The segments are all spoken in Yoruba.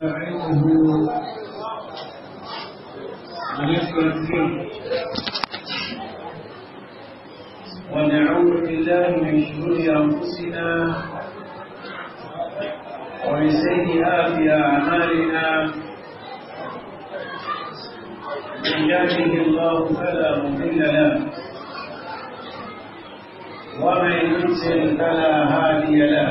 ونعوذ بالله من شرور انفسنا ومن سيئات اعمالنا من يهده الله فلا مضل له ومن يضلل فلا هادي له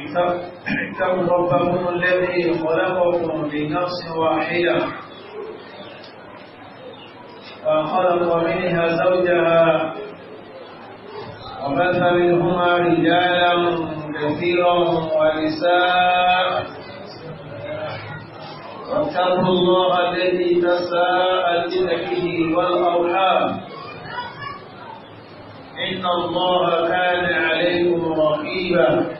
اتقوا ربكم الذي خلقكم من نفس واحدة فخلق منها زوجها وبث منهما رجالا كثيرا ونساء واتقوا الله الذي تساءلون به والأرحام إن الله كان عليكم رقيبا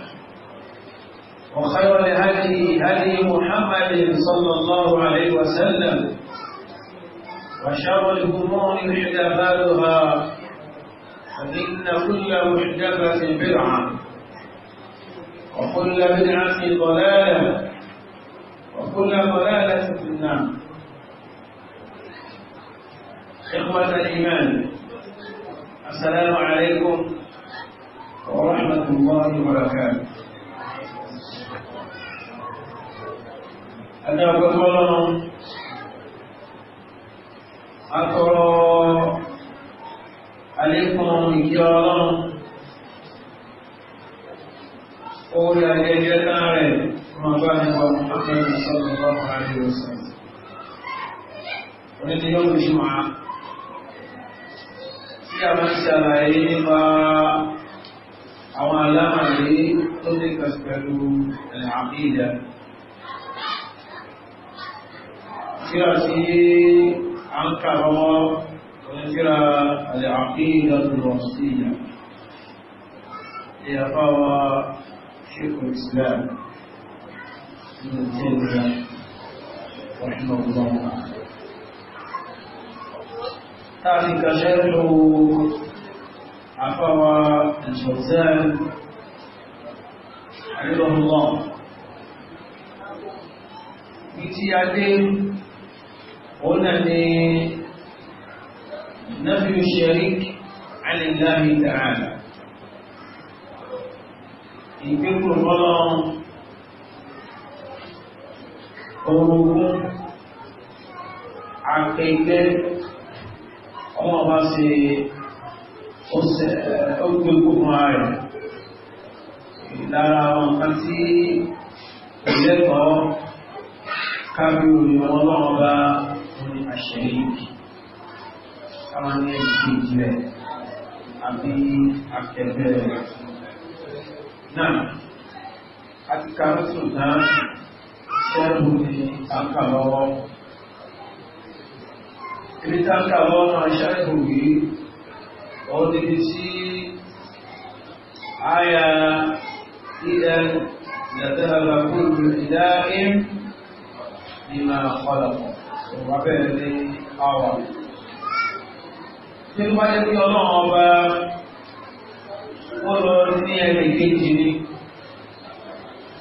وخير لهدي هدي محمد صلى الله عليه وسلم وشر الأمور محدثاتها فإن كل محدثة بدعة وكل بدعة ضلالة وكل ضلالة في النار إخوة الإيمان السلام عليكم ورحمة الله وبركاته ẹ̀dẹ́ ọgbẹ́gbẹ́ ọlọ́run akọrọ alékùn ìjọ ọlọ́run orí ayẹyẹ náà rẹ̀ máa bá nípa akẹ́rin sọ́dọ̀ bá wà ní ọ̀sán orí ni yóò fi máa tí a máa ń ṣàlàyé nípa àwọn alámàlé tó ní pẹ̀lú àbídà tíra sí an kàrọwọ́ wọ́n tíra al'aƙíyà lọ́síyà ya fáwa ṣekùn islam ní tíra rahimahullah táàfi ka ṣẹ́rù àfáwa ìṣọ̀tẹ́ àrílọ́hùnlọ́ ní tí a dé òun náà ni nafiyu sharik alillahi ta'ala ìgbékùn fọ́lọ́ orogún akẹgbẹ́ ọmọ bá ṣe ọgbẹ́gbùn rẹ̀ lára wọn kan tí ìlẹ́kọ̀ọ́ kábíyù ni wọn lọ́wọ́ bá الشريك كما نجد له أبي أكبر نعم أتكلم سلطان شرحه أكبر kìrìtàkà wọ́n máa ṣáàrù rí ọdíbi tí àyà el yàtàlá kúrò ìdáhìm ọ̀rọ̀ abẹ́rẹ́ ní àwà tí ó bá jẹ́ kí ọlọ́run ọba ó lọ ní ẹnì kejì ni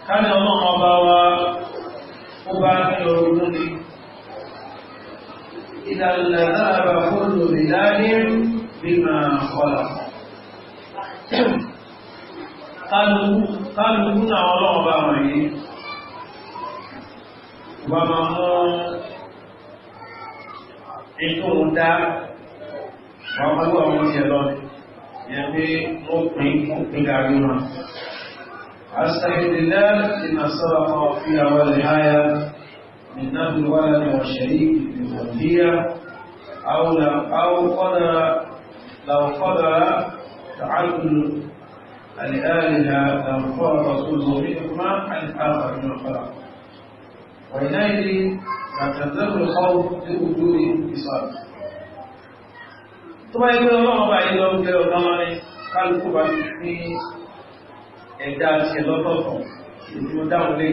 káni ọlọ́run ọba wa ó bá ní ọrùn ní ìdàlẹ̀ dáàbà fóònù ìdáyé bímọ ọ̀la kálukú náà ọlọ́run ọba wọ̀nyí ọba máa mú ètò òun dá wọn bá wọ́n mú tiẹ̀ lọ yẹn pé ó pín pín gàrí wọn àṣàkìdìlẹ́ ìnàṣọ́ra kan fi àwọn ìháyà nínú wàlá ni wọ́n ṣe yí ìmọ̀lẹ́yà àwọn kọ́dà làwọn kọ́dà تعدد الآلهة لم فرض كل منهما عن آخر من الخلق وإليه فاعتذر الخوف لوجود اتصال tó bá yẹ pé ọlọ́run bá yẹ lọ́wọ́ jẹ́ ọ̀gá wọn ni kálukú bá ti ní ẹ̀dá ti ẹ̀ lọ́tọ̀ọ̀tọ̀ ìdúró dáhùn lé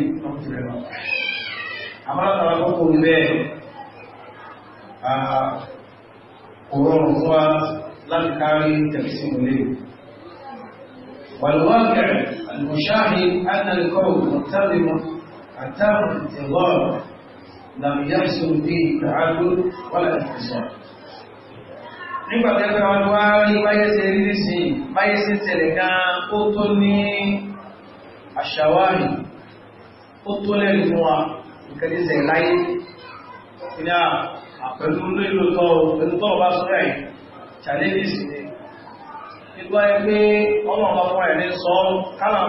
ìtọ́jú المشاهد أن الكون مقترب أتم انتظار لم يحصل فيه تعدد ولا انفصال nígbà tẹ́gbẹ́ wọn wá rí báyé ṣe rí sí báyé ṣe ṣẹlẹ̀ gan ó tó ní àṣàwárí ó tó lẹ́rìí fún wa nǹkan tí ṣẹlẹ̀ láyé ní àpẹ̀lú nílò tọ́ pẹ̀lú tọ́ bá sọ rẹ̀ challenges ni nígbà pé ọmọ ọmọ fún ẹ̀ ní sọ kálà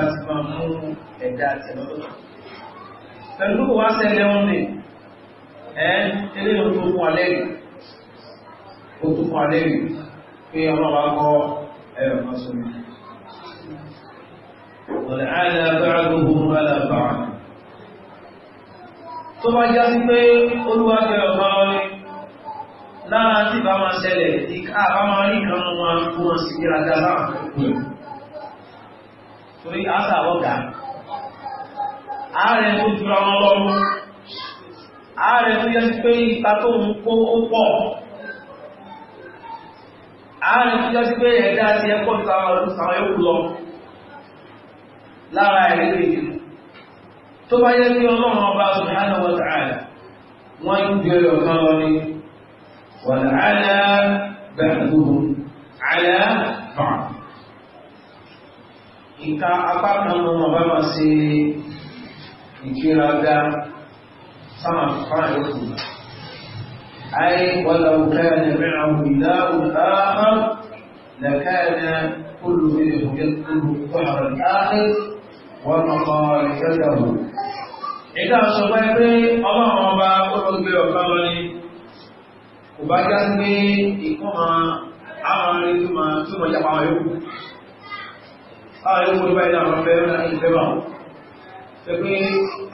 bá ẹ̀dá tẹ̀lọ́dọ̀. Pẹ̀lú wá sẹ́lẹ̀ wọn ni, ẹ́ ilé òtún fún alẹ́rì, òtún fún alẹ́rì, pé ọlọ́wà kọ́ ẹ̀rọ kan sọ mi. Wọ̀lẹ̀ ba'duhum ala ba'd. Tó bá já sí pé olúwa fẹ́ ọ̀pá wọn ni, lára tí bá máa ṣẹlẹ̀, ìká bá máa rí ìrànú wọn fún wọn sí láàrín. Torí àṣà ọ̀gá ààrẹ tó jura wọn lọ́rùn ààrẹ tó yẹ pé ipa tó ń kó ó pọ̀ ààrẹ tó yẹ pé ẹ̀dá ti ẹ̀kọ́ tó àwọn yòókù lọ lára ẹ̀rí ìdìbò tó bá yẹ kí ọlọ́run ọba subhanahu wa ta'ala wọ́n ń jẹ́ ọ̀kan lọ ní wàlàálà bẹ̀rùn àlà bàrùn ìka apá kan lọ́nà ọba máa ṣe ìfiraga sáwọn fáà yóò sì أي ولو كان معه إله آخر لكان كل منهم يطلب ظهر الآخر ومخالفته إذا صبرت الله أبا قرب وقالني وبكتني إكما أعلم ثم يقع يوم أعلم بين ربنا إن pẹ̀lú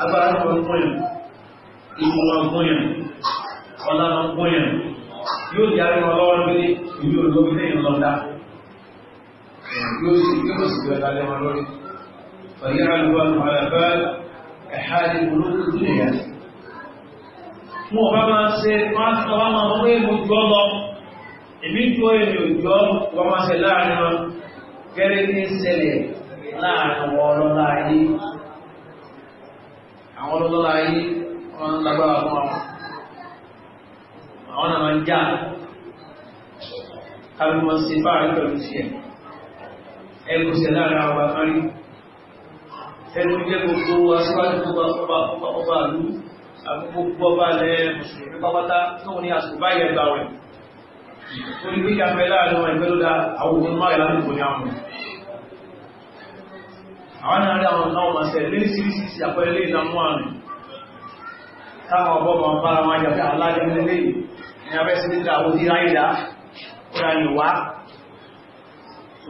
agbára tó ń gbóyàn ìmọ̀ wọn gbóyàn ọ̀la wọn gbóyàn yóò di arẹ́wọ̀ lọ́wọ́ pé ìlú olówó lẹ́yìn lọ́dá yóò sì yóò sì gbẹ̀dá lẹ́wọ̀n lórí ọ̀yẹ́ra tó lè yá wọ́n máa ṣe láàrin wọn gẹ́rẹ́ ní ṣẹlẹ̀ láàrin wọn lọ́la yìí àwọn ọlọ́lọ́lá ayé wọ́n lágbára fún àwọn àwọn àmà ń já kàbímọ̀ sí báyìí pẹ̀lú sí ẹ̀ ẹgbùsẹ̀ láàrin àwọn àkárí ẹnu jẹ́ gbogbo aṣíwájú ọba àlú àgbogbo ọba alẹ́ mùsùlùmí pápátá tóun ní àsìkò báyìí ẹgbà rẹ̀ orí gbígbà fẹ́ láàrin wọn ìgbẹ́lódà àwọn òun máa ìlànà ìgbòní àwọn àwọn náà rí àwọn náà máa sẹ́lẹ̀ léṣìíríṣìí àpẹẹrẹ lè lámú àrùn táwọn ọgbọ́n máa bára wọn jàpẹ́ aláàrínlẹ́lẹ́ ní abẹ́sí nílá àwọn ìrá ìdá ìrànlẹ̀wá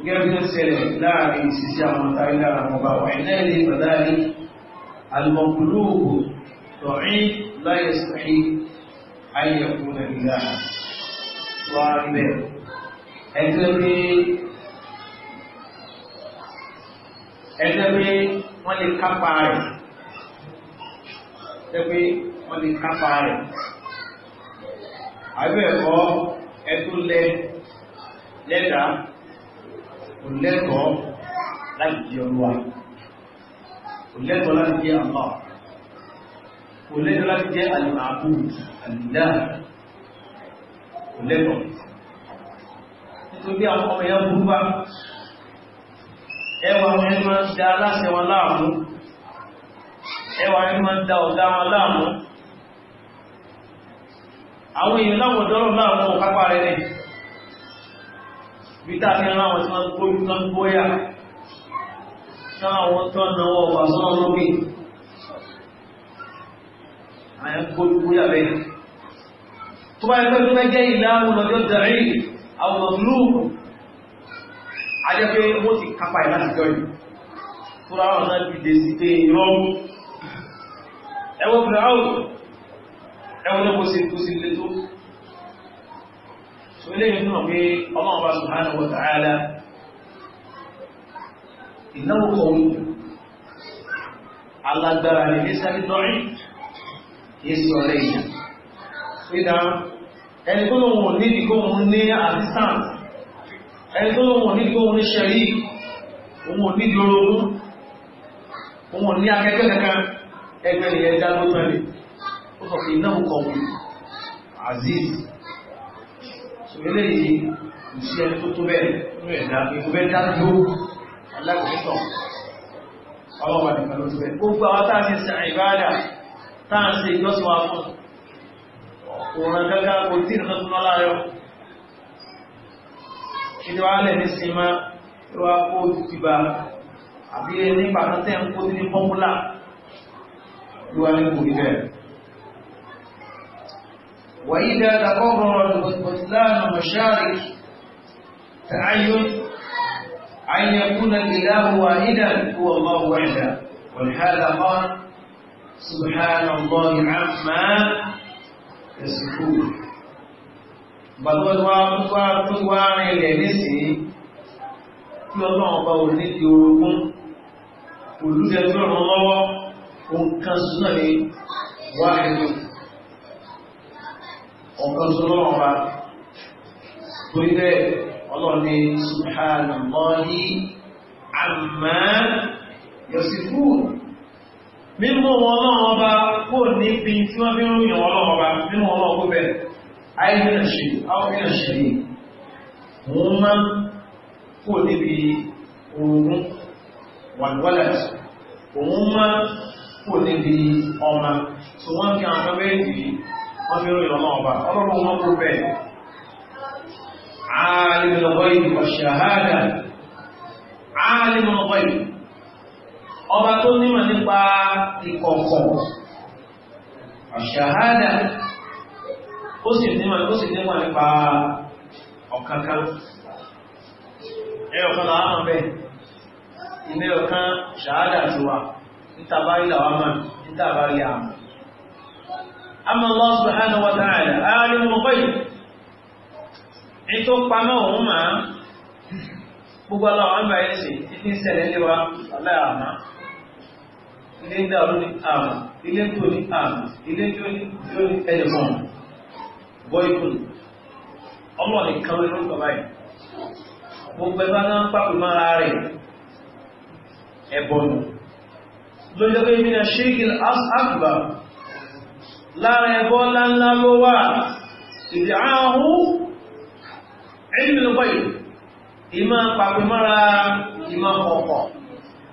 gẹ́gẹ́ bí ó sẹ́lẹ̀ láàrin ìṣiṣẹ́ àwọn tàbí lára àwọn ọba wà ní ẹ̀lẹ́ ìbàdáàrí alùmọ̀kúlùkù tọ̀rín ẹ̀jẹ̀ pé wọ́n lè kápá rẹ̀ ẹ̀jẹ̀ pé wọ́n lè kápá rẹ̀ àbẹ̀ ẹ̀kọ́ ẹ̀tún lẹ lẹ́dà kò lẹ́kọ̀ọ́ láti di ọlọ́wà kò lẹ́kọ̀ọ́ láti jẹ́ àmà kò lẹ́kọ̀ọ́ láti jẹ́ àlùmàbù àlùdá kò lẹ́kọ̀ọ́ nítorí àwọn ọmọ ẹ̀yà burúkú ẹwà ẹni máa ń da aláṣẹ wọn láàmú ẹwà ẹni máa ń da ọ̀gá wọn láàmú àwọn èèyàn láwọn ọ̀dọ́rọ̀ láàmú ọ̀kápá rẹ̀ rẹ̀ bí táàkì ara wọn tí wọ́n gbóyú tán gbóyà táwọn tán náwó ọ̀wà sọ́ọ́ lókè àyàn gbóyú gbóyà bẹ́ẹ̀ tó bá yẹ pé tó fẹ́ ìlà àwọn ọ̀dọ́ ajẹ́ pé wọ́n ti kápa ẹ̀ láti jọ yìí tó ra ọ̀nà ìdè sí pé ìrọ́rùn ẹwọ́ fún àwọn ẹwọ́n lọ́pọ̀ sí tó sí létó so ilé yìí náà pé ọlọ́ọ̀bá subhanahu wa ta'ala ìnáwó kọ̀wé alágbára ní ní sáré lọ́rí yéṣù ọ̀rẹ́ ìyà ẹni tó lóun ní ìkóhun ní assistance ẹni tó lóun ò ní gbó òun ní ṣẹ̀rí òun ò ní gbórogún òun ò ní akẹ́kẹ́ kankan ẹgbẹ́ ìyẹn dá lójú ẹni ó sọ fún iná kọ̀ wí aziz ṣùgbẹ́lẹ̀ yìí kò sí ẹni tó tó bẹ́ẹ̀ nínú ẹ̀dá ìkó bẹ́ẹ̀ dá dúró alákòótọ́ ọlọ́wà nìkan ló tó bẹ́ẹ̀ gbogbo àwọn tá a ṣe ṣe àìbáàdà tá a ṣe fún òun kankan kò ìdí wa lẹ̀ ní sinimá tí wọ́n kó títí ba àbí ní pàtó tẹ́ ń kó ní pọ́pùlà tí wọ́n ní kò rí bẹ́ẹ̀. وإذا تقرر البطلان مشارك تعين أن يكون الإله واحدا هو الله وحده ولهذا قال سبحان الله عما يصفون gbàlúwà wá tó wá rìnlẹ̀ nísìnyí tí ọlọ́run bá wò ní ti orogún olùdíẹ̀ tí ọ̀rọ̀ lọ́wọ́ òun kan súnà ní wá ẹ̀dùn ọ̀kan súnlọ́run bá torí bẹ́ẹ̀ ọlọ́run ní subhanallahi amma yasifun mímú wọn náà ọba kò ní bí tí wọ́n fi ń ròyìn ọlọ́run ọba mímú wọn náà kó ayé nínú ṣe àwọn nínú ṣe ní òun máa kò níbi oòrùn wàlúwàlá òun máa kò níbi ọmọ tó wọ́n fi àwọn ọmọ méjì wọ́n fi rìn lọ́nà ọba ọlọ́run wọn kò bẹ́ẹ̀ عالم الغيب والشهادة عالم الغيب ọba tó nímọ̀ nípa ìkọ̀kọ̀ àṣàhádà sì nímọ̀ ó sì nímọ̀ nípa ọ̀kankan ẹyọ kan láàmà bẹ́ẹ̀ ilé ọ̀kan ṣàádà ti wà nítàbá ilẹ̀ wà mọ̀ nítàbá ilẹ̀ àmọ̀ amma Allah subhanahu wa ta'ala alimul ghaib ní tó pamọ́ òun máa gbogbo aláwọ̀ àmà ẹ̀sìn títí ṣẹlẹ̀ lé aláàmà ilé ń ní àmà ilé tó ní àmà ilé tó ní ẹ̀dẹ̀mọ̀ bọ́ìkùn ọmọ nìkan ló ń bàbá yìí gbogbo ẹgbẹ́ náà ń pàpè mára rẹ̀ ẹ̀bọ̀nù lójọ́ pé ibi náà ṣíkì àkùbà lára ẹbọ ńláńlá ló wà ìdí ààhú ẹ̀yìnlẹ́gbọ̀ yìí ìmá pàpè mára ìmá kọ̀ọ̀kọ̀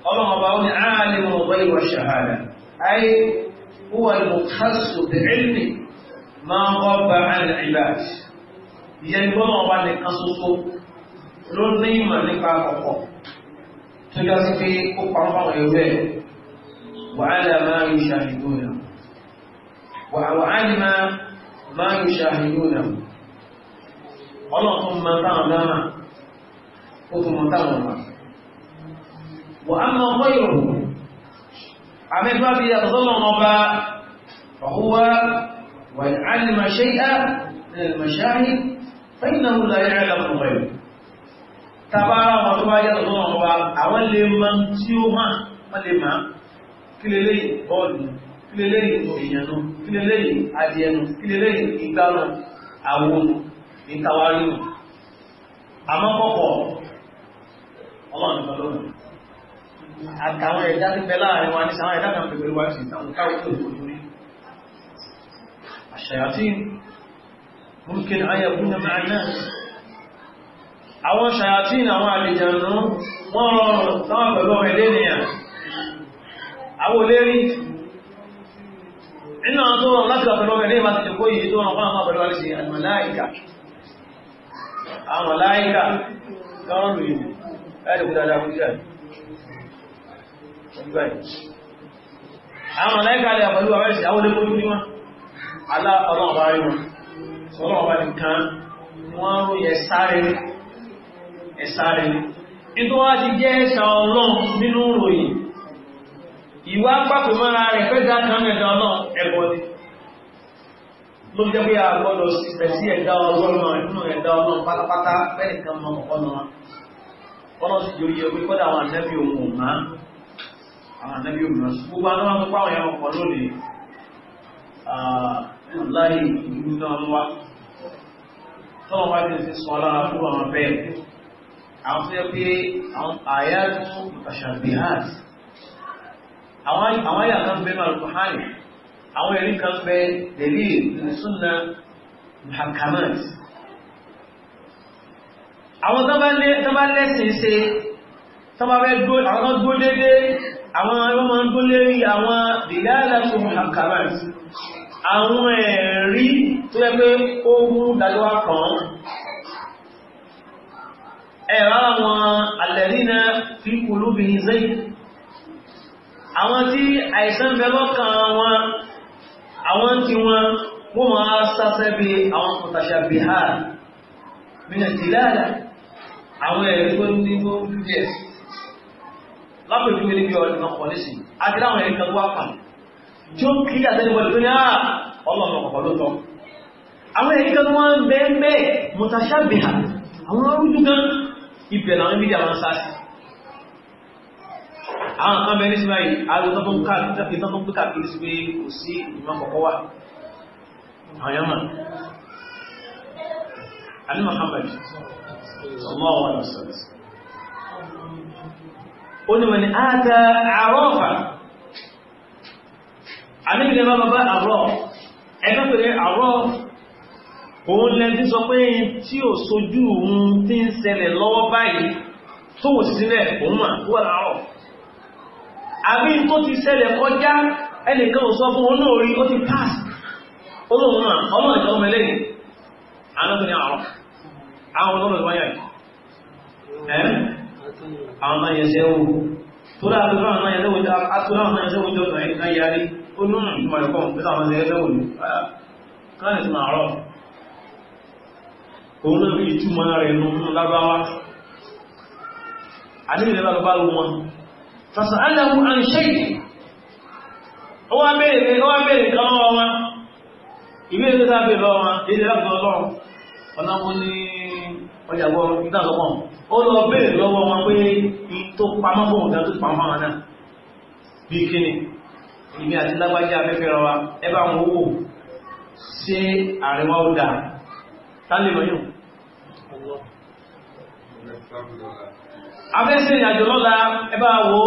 ọlọ́mọba ó ní هو المختص بعلمه máa ń kọ́ bá àlẹ́ ìbáàdì ìyẹn ni bọ́lá ọba nìkan ṣoṣo ló ní ìmọ̀ nípa ọ̀pọ̀ tó já sí pé ó pa ń fáwọn ẹ̀rọ ẹ̀ wàhálà máa ń ṣàhìdó وإن علم شيئا من المشاهد فإنه لا يعلم غيره tabara ọmọ tó bá yàtọ̀ tó wọn wá àwọn lè mọ tí ó hàn wọ́n lè máa kí lè lẹ́yìn bọ́ọ̀lù kí lè lẹ́yìn òyìnbó kí lè lẹ́yìn adìẹnu kí lè lẹ́yìn ìgbàlù àwọn ìtawárí nù àmọ́ ọlọ́run àtàwọn ẹ̀dá ti láàrin wa ní sàwọn ẹ̀dá kan pẹ̀lú wa sí ìtàwọn káwọn tó lò الشياطين ممكن أن يكون مع الناس àwọn ṣàyàtín àwọn àlejànú wọ́n rọrùn táwọn pẹ̀lú ọmọ ilé nìyàn àwọn olérí iná tó rọrùn láti pẹ̀lú ọmọ ilé ma ti tẹ̀kọ́ yìí tó rọrùn fún àwọn pẹ̀lú alìsìn àmàláìkà àmàláìkà gọ́ọ̀rù yìí ẹ̀rẹ̀kú dáadáa fún jẹ́ àmàláìkà lè àpẹ̀lú àwọn ẹ̀sìn àwọn olé aláàpàlọ́ọ̀bá rí wọn sọ́lọ́ọ̀bá kan ẹ̀dà ọlọ́run ẹ̀bọ̀ ni ló jẹ́ pé àgbọ́dọ̀ sípẹ̀ sí ẹ̀dà ọlọ́run nínú ẹ̀dà ọlọ́run pátápátá fẹ́ẹ̀ kan mọ́ ọ̀pọ̀nà wọn wọ́n sì jẹ́ oyè pé kọ́dà àwọn ànẹ́bí òun ò àwọn ànẹ́bí òun náà láyé ìlú náà wá tọ́wọ́ wá ti fi sọ lára fún àwọn bẹ́ẹ̀ àwọn tó yẹ pé àwọn àyà tún àṣàbí hàn àwọn àyà kan bẹ́ẹ̀ máa lọ́kọ̀ hàn àwọn ẹ̀rí kan bẹ́ẹ̀ dẹ̀lí ìsúnna muhakamat àwọn tọ́bá lẹ́sìn ṣe tọ́bá fẹ́ gbó dédé àwọn ọmọ gbó lérí àwọn dìlálàtò muhakamat àwọn ẹ̀rí tó yẹ pé ó mú dájọ́ wá kàn ẹ̀rọ àwọn alẹ́rìnà fi qulubihim zayg àwọn tí àìsàn bẹ lọ́kàn wọn àwọn tí wọn wọ́n máa sáṣẹ́ bí àwọn mutashabihat min ad-dilala àwọn ẹ̀rí tó ní tó díẹ̀ lápẹ̀jú ní bí ọdún ọkọ̀ nísìn àti láwọn ẹ̀rí kan wá pàdé tí ó kí àtẹ́lẹ̀wọ̀n tó ní àà ah, ọlọ́run ọ̀pọ̀ ló tọ́ àwọn ẹ̀rí kan wọ́n ń bẹ́ ń bẹ́ mọ̀tàṣàbìhà àwọn arúgbó gan ibẹ̀ làwọn ibi àwọn sáàsì àwọn kan bẹ̀rẹ̀ síwá yìí arúgbó tó ń káàkiri tó ń káàkiri sí pé àníbi lè máa bá àrọ́ ẹgbẹ́ pẹ̀lẹ́ àrọ́ òun lẹ́bí sọ pé tí ò sojú òun tí ń ṣẹlẹ̀ lọ́wọ́ báyìí tó wò sílẹ̀ òun mà tó wà láàrọ̀ àbí tó ti ṣẹlẹ̀ kọjá ẹnìkan ò sọ fún òun náà rí ó ti pass olóhùn náà ọmọ ìjọ ọmọ ẹlẹ́yìn anábìnrin àrọ́ àwọn ọmọ ìwáyà yìí ẹ́ àwọn ọmọ ìyẹsẹ̀ wò tó dáa tó dáa àwọn ọmọ ìyẹsẹ̀ wò jọ onúnà ụmụ nkwari pẹ́ta àwọn ẹ̀lẹ́ òun káàlẹ̀ tí máa rọ̀ òun náà rí ìtumọ̀ rẹ̀ nù lágbàwá àdínlẹ̀ bá bá wọn fàṣà aláwọ̀ àìṣẹ́gì ó wá bèèrè kan lọ́wọ́ wọn ìwé ìlú ó lọ lọ́wọ́ wọn pé pamọ́ tó pamọ́ èmi àti lágbájá afẹ́fẹ́ ra wa ẹbá wọn owó ṣe àríwá ó dáa tálẹ̀ lọ́yùn afẹ́sẹ̀ ìrìnàjò lọ́la ẹbá wo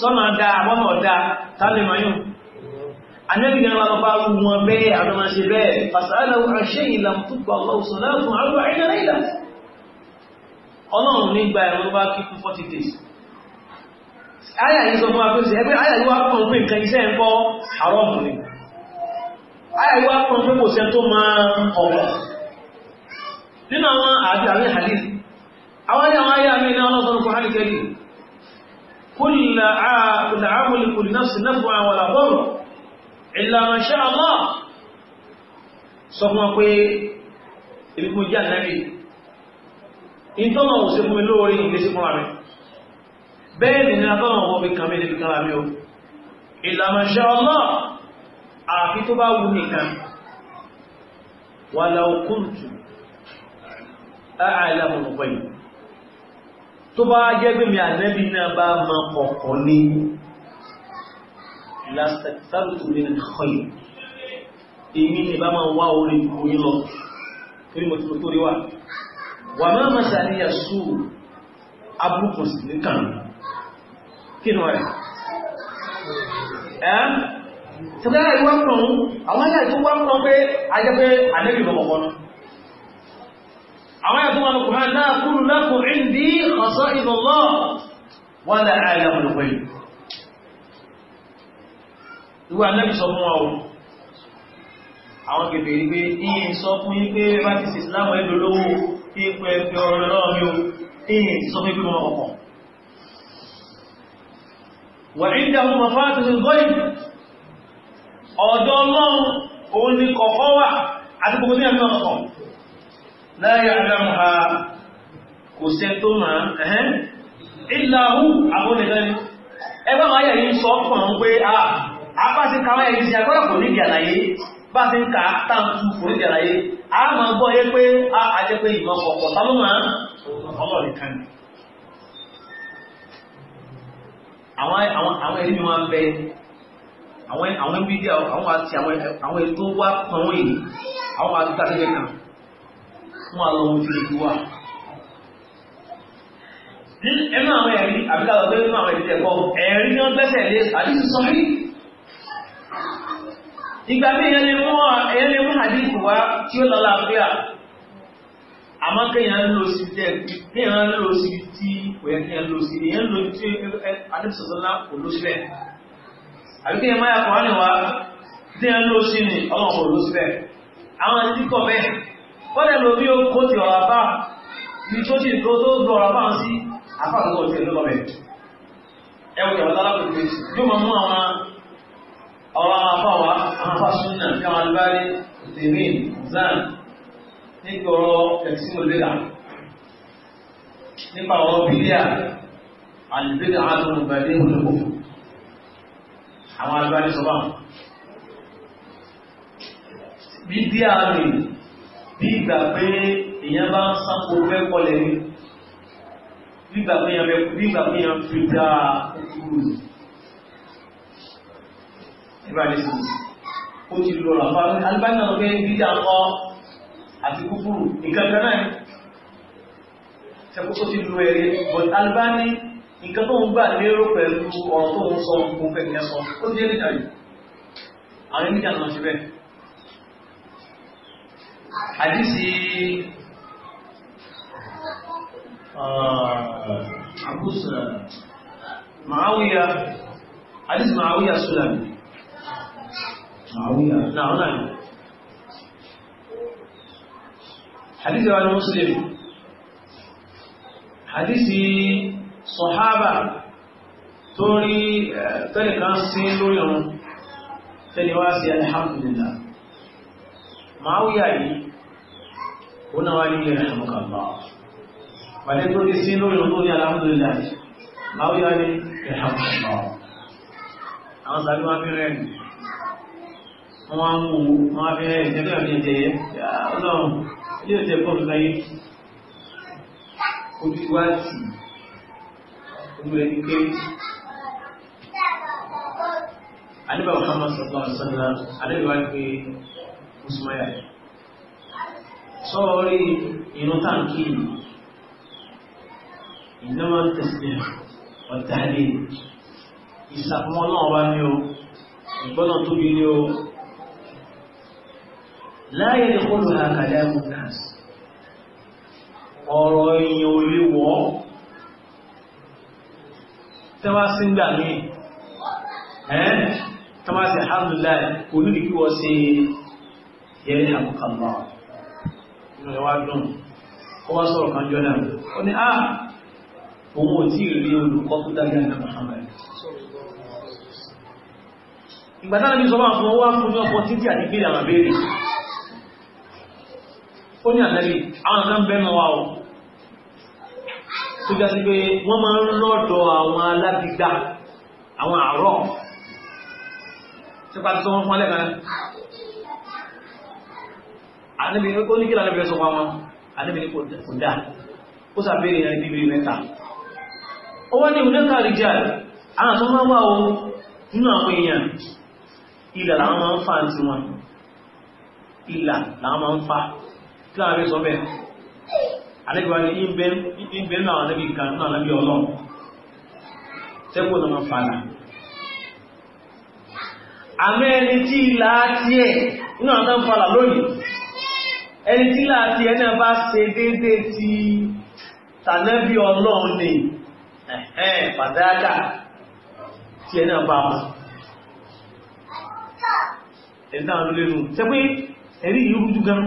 sọ́nà dáa wọ́nà ọ̀dá tálẹ̀ lọ́yùn anẹ́bìnrin wọn bá rú wọn bẹ́ẹ̀ àwọn ṣe bẹ́ẹ̀ fàṣàlọ́wọ́ àṣẹ ìlànà tó gbà ọlọ́wọ́sọ̀ láàrùn àwọn àìyàn náà ìlànà ọlọ́run nígbà ẹ̀rọ bá kí fún 40 days Ayà yìí sọ fún wa pé ṣe ẹgbẹ́ ayà yìí wá pọ̀ pé nǹkan iṣẹ́ ń kọ́ àrọ́mù ni. Ayà yìí wá pọ̀ pé kò sẹ́ tó máa ọ̀pọ̀. Nínú àwọn àti àmì hadith, àwọn ní àwọn ayà mi náà lọ́sọ̀rọ̀ fún hàlì kẹ́lì. Kúlà àmúlì kùlì náà sí náà fún bẹ́ẹ̀ ni ní atọ́nà wọ́n fi kàn mí níbi kára mi o ìlànà ṣe ọlọ́ àfi tó bá wù nìkan wà láòkúntù àìlàmùnùpẹ̀ yìí tó bá jẹ́ pé mi ànẹ́bí náà bá mọ kọ̀ọ̀kọ̀ ní lásẹ̀tàrùtù ní ìkọ̀yì èmi ni bá máa wá orí orí kínú rẹ̀ ẹ́ ṣẹ̀dára ìwá ń rọrùn àwọn ayà tó wá ń rọ pé ajẹ́ pé àlẹ́bì lọ́mọ̀kọ́nù àwọn ayà tó wá ń kùnrin náà kúrù rí pé ìyìn sọ fún yí pé bá ti sì láwọn ẹgbẹ̀lówó kí pẹ́ ọ̀rọ̀ lọ́wọ́ mi o ìyìn sọ fún ẹgbẹ̀lówó ọkọ̀ وعنده مفاتح الغيب ọ̀dọ̀ ọlọ́run òun ni kọ̀kọ́ wà àti gbogbo ní ẹ̀mọ́ ọ̀kọ̀ láyé àdámà kò sẹ tó máa ẹ̀hẹ́n ìlàhú àbónìdání ẹgbà máa yẹ̀ yìí sọ ọ̀pọ̀ ń pé a apáṣẹ káwọn ẹ̀yìn sí agbára kò nídìí àlàyé bá ti ń ka táǹtù kò nídìí àlàyé a máa gbọ́ yẹ pé a àjẹpé ìmọ̀ kọ̀ọ̀kọ̀ tá àwọn àwọn àwọn ẹni wọn bẹ àwọn àwọn bídíà àwọn àti àwọn àwọn ètò wá pọn wọn yìí àwọn àti tàbílẹ̀ kan fún àlọ́ ohun tí lè wà. ẹnu àwọn ẹ̀rí àbíká lọ pé nínú àwọn ẹ̀rí tẹ̀kọ́ ẹ̀rí ni wọ́n gbẹ́sẹ̀ lé àdísì sọ́rí. ìgbà bí èèyàn lè mú èèyàn lè mú àdísì wá tí ó lọ láàfíà àmọ́ kéèyàn ń lọ sí tẹ̀ kéèyàn ń lọ sí tí kò yẹ kí ẹ lò sí ìyẹn lò tí adébísọ̀sọ́lá kò lò síbẹ̀ àbí kí ẹ máa kọ̀ wánì wá tí ẹ lò sí ni ọmọ kò lò síbẹ̀ àwọn ẹni kọ̀ bẹ́ẹ̀ wọ́n lè lo bí ó kó ti ọ̀rọ̀ bá ní tó ti tó tó gbọ́ ọ̀rọ̀ bá wọn sí apá àkókò ti ẹ̀lú ọ̀rẹ́ ẹ wọ ìyàwó lálákòókò yóò máa mú àwọn ọ̀rọ̀ afá wa afá súnà kí àwọn alibárí nípa ọ̀rọ̀ bílíà àlùbílẹ̀ àtúnú gbàdé olóko àwọn agbáni sọ báwọn bíbíà rẹ̀ bí ìgbà pé èèyàn bá ń sáko fẹ́ kọlẹ̀ ní bí ìgbà pé èèyàn fi dá kúrú ìbánisí ó ti lọ ràfà alibánà ọgbẹ́ bíbíà kọ́ àti kúkúrú nǹkan kan náà ṣẹ̀kútó ti lo ẹ̀rẹ́ but Albani nǹkan tó ń gbà lérò pẹ̀lú ọ̀rọ̀ tó ń sọ nǹkan fẹ́ ìyẹn sọ ó ti yé níjà yìí àwọn níjà náà ṣe bẹ́ẹ̀ àdísì àbúsùlà màáwíyà àdísì màáwíyà sùlàmì màáwíyà náà náà حديث عن مسلم àdísì sọ̀hábà tó rí tẹ́nìkan sí lórí ọ̀run tẹ́ni wá sí alhamdulillah máa wúyà yìí ó náà wá ní ilé rẹ̀ mọ́kànlá pàdé tó rí sí lórí ọ̀run tó ní alhamdulillah máa wúyà ní rẹ̀ mọ́kànlá àwọn sàbí wọ́n fi rẹ̀ ojú wá tì ọmọ ẹni kéré alẹ́bà Muhammad sallallahu alaihi wasallam alẹ́bà pé musulmaya sọ́ọ̀rí irun táǹkì ìnáwó tẹ̀sílẹ̀ ọ̀tàlẹ̀ ìsàkùnmọ́ náà wá ní o ìgbọ́nà tóbi ní o láyé ìkọlù àkàlẹ́ àgùnkà sí ọ̀rọ̀ èèyàn ò lè wọ́ tẹ́wà sí ń gbà ní ẹ́ tẹ́wà sí alhamdulillah kò ní kí wọ́n sí yẹ́rẹ́ àmúkàmọ́ inú ẹwà dùn ó wá sọ̀rọ̀ kan jọ náà ó ní ah òun ò tí rí olùkọ́ tó dájá ní Muhammad ìgbàtà ní sọ bá fún ọwá fún ní ọkọ̀ títí ó ní ànábì àwọn kan bẹ́nu wa o tó já sí pé wọ́n máa ń lọ́dọ̀ àwọn alágbígbà àwọn àárọ̀ sípa tó wọ́n fún alẹ́ kan ànábì ó ní kí lànàbì sọ fún wọn ànábì ní kò dá ó sàbẹ̀rẹ̀ ìrìn bíbí mẹ́ta ó wá ní ìwúlẹ́ káàrí jà àwọn tó máa wà o nínú àwọn èèyàn ìlà làwọn máa ń fa àti wọn ìlà làwọn máa ń fa láàrin sọ bẹ́ẹ̀ àlẹ́gbẹ̀wá ní ìbẹ̀ náà níbi kan náà níbi ọlọ́run tẹ́kùn náà fàlà àmẹ́ ẹni tí ìlà àti ẹ̀ náà náà fàlà lónìí ẹni tí ìlà àti ẹ̀ náà bá ṣe déédé ti tànẹ́bí ọlọ́run ni ẹ̀hẹ́n pàdákà tí ẹ̀ náà bá mọ̀ ẹ̀dá lólénu tẹ́pẹ́ ẹ̀rí ìrújú gan-an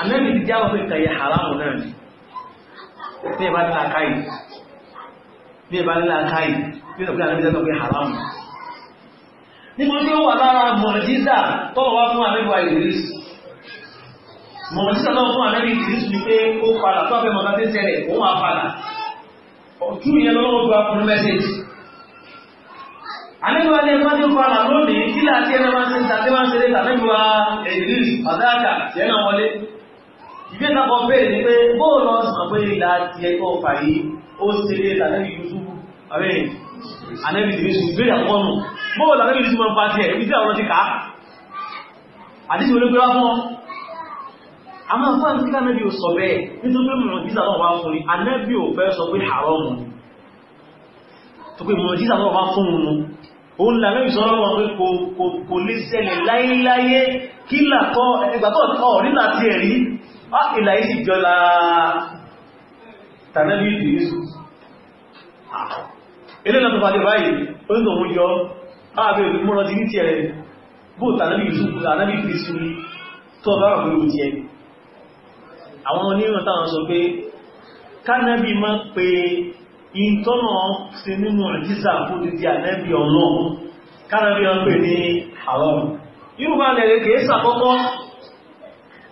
ànábì ti jáwọ́ pé kàyẹ haramu náà ni ní ẹ̀bá nílá káyì ní ẹ̀bá nílá káyì ní ẹ̀bá nílá káyì pé haramu nígbà tí o wà lára mọ̀jísà tọ́lọ̀ wá fún ànábì wa ìrìs mọ̀jísà náà fún ànábì ìrìs ni pé ó padà tó àfẹ́ mọ̀ká tí ń ṣẹlẹ̀ òun á padà ọ̀tún ìyẹn lọ́wọ́ gba fún mẹ́sẹ̀jì àníwá ní ẹgbẹ́ tó padà lónìí kí láti ẹ̀rọ máa ń ṣe ń ta tí máa ń ṣe lé tàbí wa ìrìs ọ̀dá àkà tí ẹ̀ náà wọlé ìgbé náà kan bèèrè ní pé bóò lọ sàn pé ìlà ti ẹ̀kọ́ ọ̀fà yìí ó ṣe lé lànẹ́bì yusufu àbẹ́ ànẹ́bì ti yusufu bèèrè àkọ́nù bóò lànẹ́bì yusufu ń pàṣẹ ibi tí àwọn ti kà á àdíṣe olóògbé wá fún ọ a máa fún àti kíkà nẹ́bì ò sọ bẹ́ẹ̀ nítorí pé mọ̀ jísà náà wá fún ni ànẹ́bì ò fẹ́ sọ pé haramu tó pé mọ̀ jísà náà wá fún un òun lànẹ́bì sọ lọ́wọ́ pé kò lè ṣẹlẹ̀ láíláyé kí làtọ́ ẹgbàtọ̀ ọ̀rí láti ẹ̀rí ìlà ah, ìsì jọla tànàbí ìdìrísù ah, ilé náà tó fàdé báyìí oníkò mú yọ ààbẹ̀ ah, òfin múra ti ní ti ẹ̀rẹ̀ bó tànàbí ìdìrísù tó bá wà pẹ̀lú ti ẹni àwọn onírin táwọn sọ pé kánàbí máa pe ìtọ́nà sí nínú ìjísà fún ti ànẹ́bí ọlọ́run kánàbí wọn pè ní àwọn yóò bá lẹ̀rẹ̀ kèé sàkọ́kọ́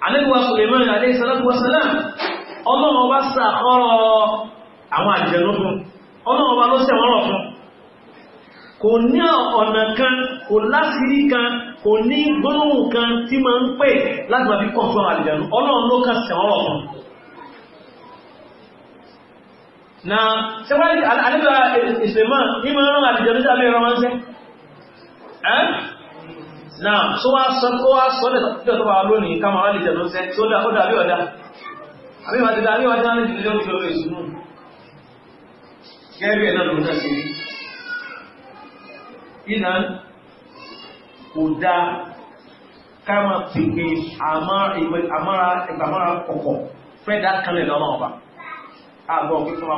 àlẹ́lúwà Suleiman alayhi salatu wa ọlọ́run ọba sàkọ́rọ̀ àwọn àjẹ̀lú fún ọlọ́run ọba ló sẹ̀wọ́rọ̀ fún kò ní ọ̀nà kan kò lásìrí kan kò ní gbóhùn kan tí ma ń pè láti ma náà tó wá sọ kó wá sọ lẹ́tọ̀ ni wà lónìí kamara lè tẹ̀lú sẹ́ tó dá ó dàbí ọ̀dá àbíwájú dá ina dá níbi lórí lórí ìsúnú gẹ́rí ẹ̀ náà ló náà sí iná kò dá káàmà pèpè àmára ìgbàmára kọ̀kọ̀ fẹ́ dá kanlẹ̀ lọ́nà ọba àgbọ̀ pípọ́n wa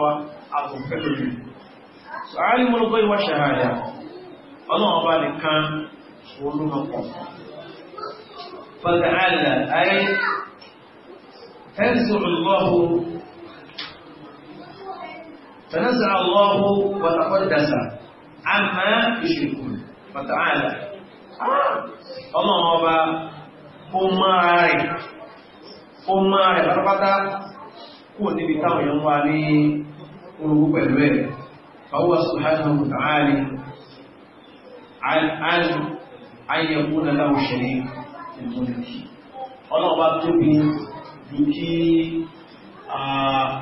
ọlọ́run ọba nìkan olúmọ̀pọ̀. Fọ́tàálà ayé, ẹ̀sùn lọ́hù, tẹ̀lẹ́sà lọ́hù pàtàkọ́dàsà, a máa ìṣìkù fọ́tàálà. Ọlọ́run ọba, ó máa rẹ̀, ó máa rẹ̀ pátápátá kúrò níbi táwọn èèyàn wá ní orogún pẹ̀lú ẹ̀. فهو سبحانه وتعالى عالم ayé kúnlẹ̀ láwọn ṣẹlẹ̀ ìmúlùkì ọlọ́ọ̀bá tóbi ju kí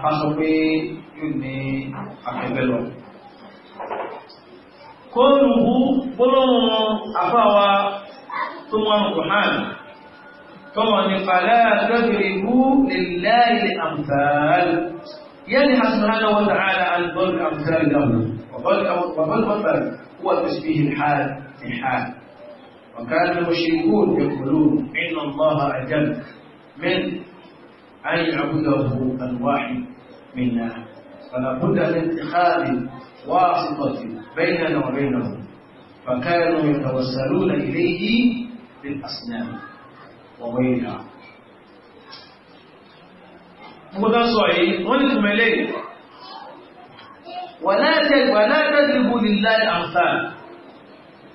a sọ pé yóò ní akẹgbẹ́ lọ kóòlùhú gbólóhùn afáwa tó wọn kùhán tọ́wọ́ nípa láàrín ìlú lèláàrí àmtàl yẹ́lì hasùnhánà wọ́n tààrà àlùbọ́ọ̀lù àmtàl lọ́wọ́ wọ́n tààrà wọ́n tààrà wọ́n tààrà وكان المشركون يقولون إن الله أجل من أن يعبده الواحد منا فلا بد من اتخاذ واسطة بيننا وبينهم فكانوا يتوسلون إليه بالأصنام وبينا صعيد ولا تجلبوا لله الأمثال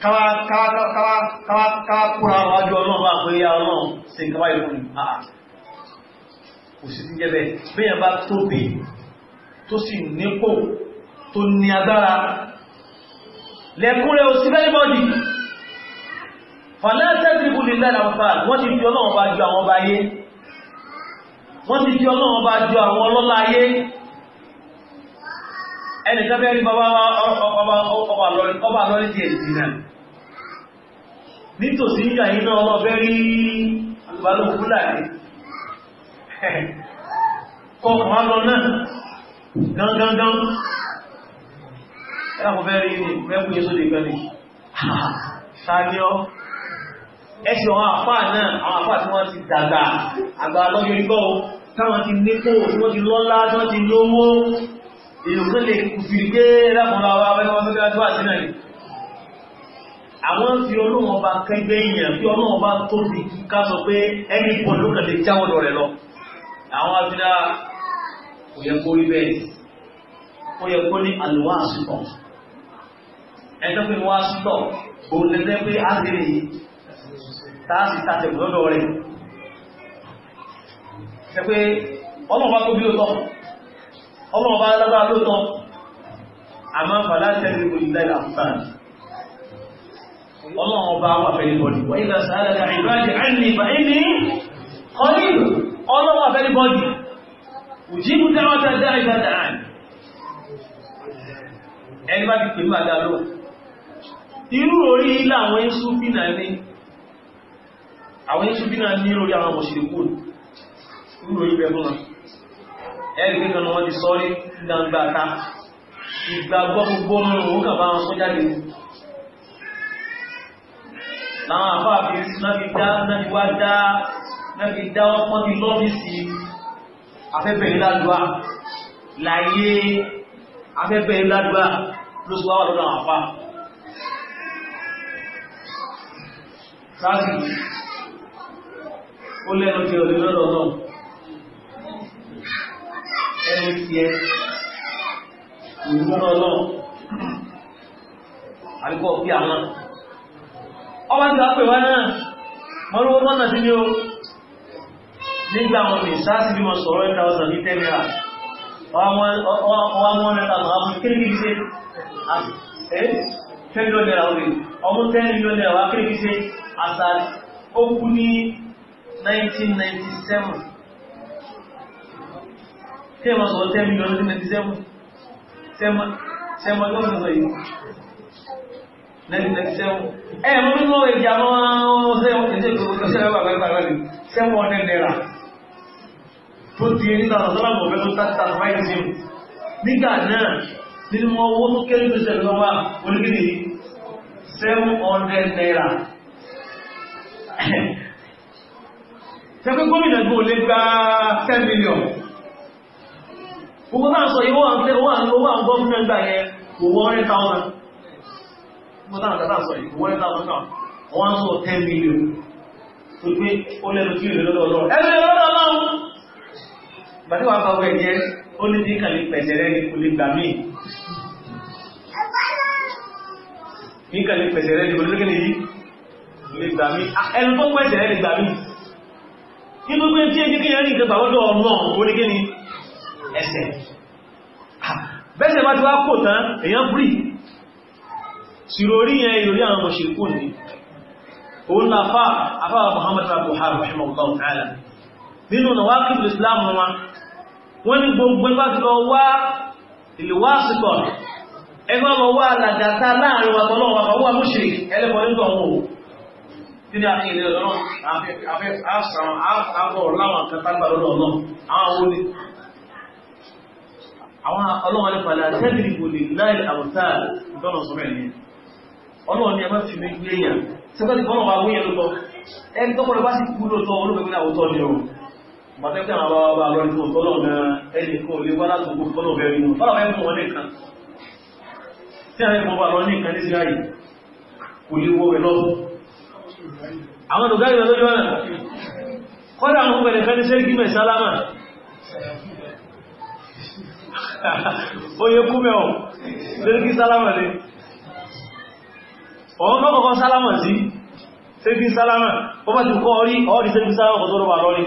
káwá káwá káwá káwá káwá kúra wájú ọlọ́run bá pé ya ọlọ́run ṣe káwá ìlú ni àà kò sí ti jẹ́bẹ̀ bẹ́yàn bá tóbi tó sì nípò tó ní agbára lẹ́kúnrẹ́ òsì bẹ́ẹ̀bọ́dì fàlẹ́sẹ̀tìrìbù lè lẹ́nà fà wọ́n ti fi ọlọ́run bá ju àwọn ọba ayé wọ́n ti fi ọlọ́run bá ẹni tó bẹ́ẹ̀ rí bàbá ọba lọ́rí tí èsì náà nítòsí ìjà yìí náà ọmọ bẹ́ẹ̀ rí àgbàlò fúlàní kọkùn á lọ náà gangangan ẹ̀rọ bẹ́ẹ̀ rí ní mẹ́kún yẹ́ sóde gbẹ́ni sáàlẹ́ọ́ ẹ̀ṣì àwọn àfáà náà àwọn àfáà tí wọ́n ti dàgbà àgbà lọ́jọ́ ìgbọ́ táwọn ti nípò èèyàn kan lè fi gbé lápọ̀lá wa wẹ́n wọ́n fẹ́ wá sí náà àwọn fi ọlọ́wọ́n bá kẹgbẹ́ èèyàn bí ọlọ́wọ́n bá tóbi ká sọ pé ẹni pọ̀ ló kàn lè jáwọ́ lọ rẹ̀ lọ àwọn afinra kò yẹ kó rí bẹ́ẹ̀ ó yẹ kó ní àlùwá àsìkò ẹjọ́ pé wọ́n á sítọ̀ òun lẹ́gbẹ́ pé á lè rí táàsì tàtẹ̀kù lọ́dọ̀ rẹ̀ ṣe pé ọlọ́wọ́n bá tóbi lóòótọ́ ọmọ ọba alágbà lóòtọ́ àmá fàlá tẹ́lẹ̀ ìgbòlìlẹ̀ àfàn ọmọ ọba wà fẹ́lẹ̀bọ̀dì wọ́n ilẹ̀ sàárẹ̀ ìbájì àìní ìbáyìí kọlí ọlọ́wà fẹ́lẹ̀bọ̀dì òjìbù dáwọ́ta dá ìbádà àì ẹni bá ti pè mú àdáró irú orí ilé àwọn iṣu bínà ní àwọn iṣu bínà ní orí ẹ̀rí pé kan wọ́n ti sọ rí gbangbata ìgbàgbọ́ gbogbo mú òun kà bá wọn sọ jáde láwọn àfá àfi náàfi dá náàfi wá dá náàfi dá wọ́n ti lọ́fíìsì afẹ́bẹ̀rẹ̀ ládùá láyé afẹ́bẹ̀rẹ̀ ládùá ló sọ wà lọ́dọ̀ àfá sáàsì ó lẹ́nu tí ọ̀lẹ́lọ́dọ̀ náà ẹ̀rẹ́ ti ẹ ìmúra náà àbíkọ́ bí àwọn ọba ti wá pè wá náà mọ́rún owó mọ́nà sí ní o nígbà wọn ní sáàsì bí wọn sọ̀rọ̀ ẹ̀dá ọ̀sán ní tẹ́mìrà ọwá mọ́ ẹ̀ta àwọn akérèkì ṣe ten million ọmọ ten million naira wá akérèkì ṣe àtàrí ó kú ní 1997 tí ẹ tem sọ 10 million ní 97 sẹ́mọ̀ lọ́sùn sọ yìí 1997 ẹ mú nínú èdè àwọn ọ̀sẹ̀wọ̀n èdè ìgbòkòtò sẹ́wọ̀n àgbẹ̀gbẹ̀ rẹ̀ sẹ́wọ̀n ọ̀nẹ́ náírà tó ti ní tàbí ọ̀fẹ́ tó tàbí tàbí máìsìm nígbà náà nínú owó tó kéré tó sẹ́wọ̀n lọ́wọ́ oníkìní sẹ́wọ̀n ọ̀nẹ́ náírà sẹ́wọ̀n gómìnà gbọ́ lé gba 10 million gbogbo náà sọ yíwọ́ àǹtẹ́ owó àwọn owó àwọn gọ́ọ̀mẹ́ntì gbà yẹn kò wọ́n rẹ̀ táwọn mo náà dàdà sọ yìí million tó gbé ó lẹ́nu tí ìrìn lọ́dọ̀ ọlọ́run ẹgbẹ́ lọ́dọ̀ ọlọ́run gbàdí wàá bá wẹ̀ jẹ́ ó ní bí kàlí pẹ̀sẹ̀ rẹ̀ ni kò lè gbà mí bí kàlí pẹ̀sẹ̀ rẹ̀ ni kò lè gbà mí lè ẹsẹ̀ ah, bẹ́sẹ̀ bá ti wá kò tán èyàn brí sìròrí yẹn ìròrí àwọn mọ̀ṣẹ̀kú ní òun náà fà afáwà Muhammad al-buhari rahimahullahu ta'ala nínú na Islam wọ́n gbogbo ẹgbà ti lọ wá lọ wá láàrin wa tọ́lọ́ wa fàwọ́ mọ́ṣẹ̀ ẹlẹ́bọ̀ àwọn ọlọ́wọ́n nípa látẹ́lì ìbò lè láì àwọ̀tá ìdọ́nà sọ́rọ̀ ẹ̀yẹ ọlọ́wọ́n ni a máa fi mé gbé èèyàn sẹ́gbẹ́lì bọ́nà wà wúyẹ̀ lọ́tọ́ ẹni tó kọ́lọ bá sì kú lóòtọ́ olóògbé àwọ̀tọ́ ni ọ̀rọ̀ bàtẹ́kẹ́ àwọn bàbá lọ́rí tó tọ́lọ̀ na ẹni bẹ̀rẹ̀ mú ní nǹkan ní sálámà ó yẹ kú mẹ́ ọ̀ lórí kí sálámà lé ọ̀hún kọ́kọ́ sálámà sí sẹ́bí sálámà ó bá ti kọ́ orí ọ̀rí sẹ́bí sálámà kò tó rọ̀ lọ́rí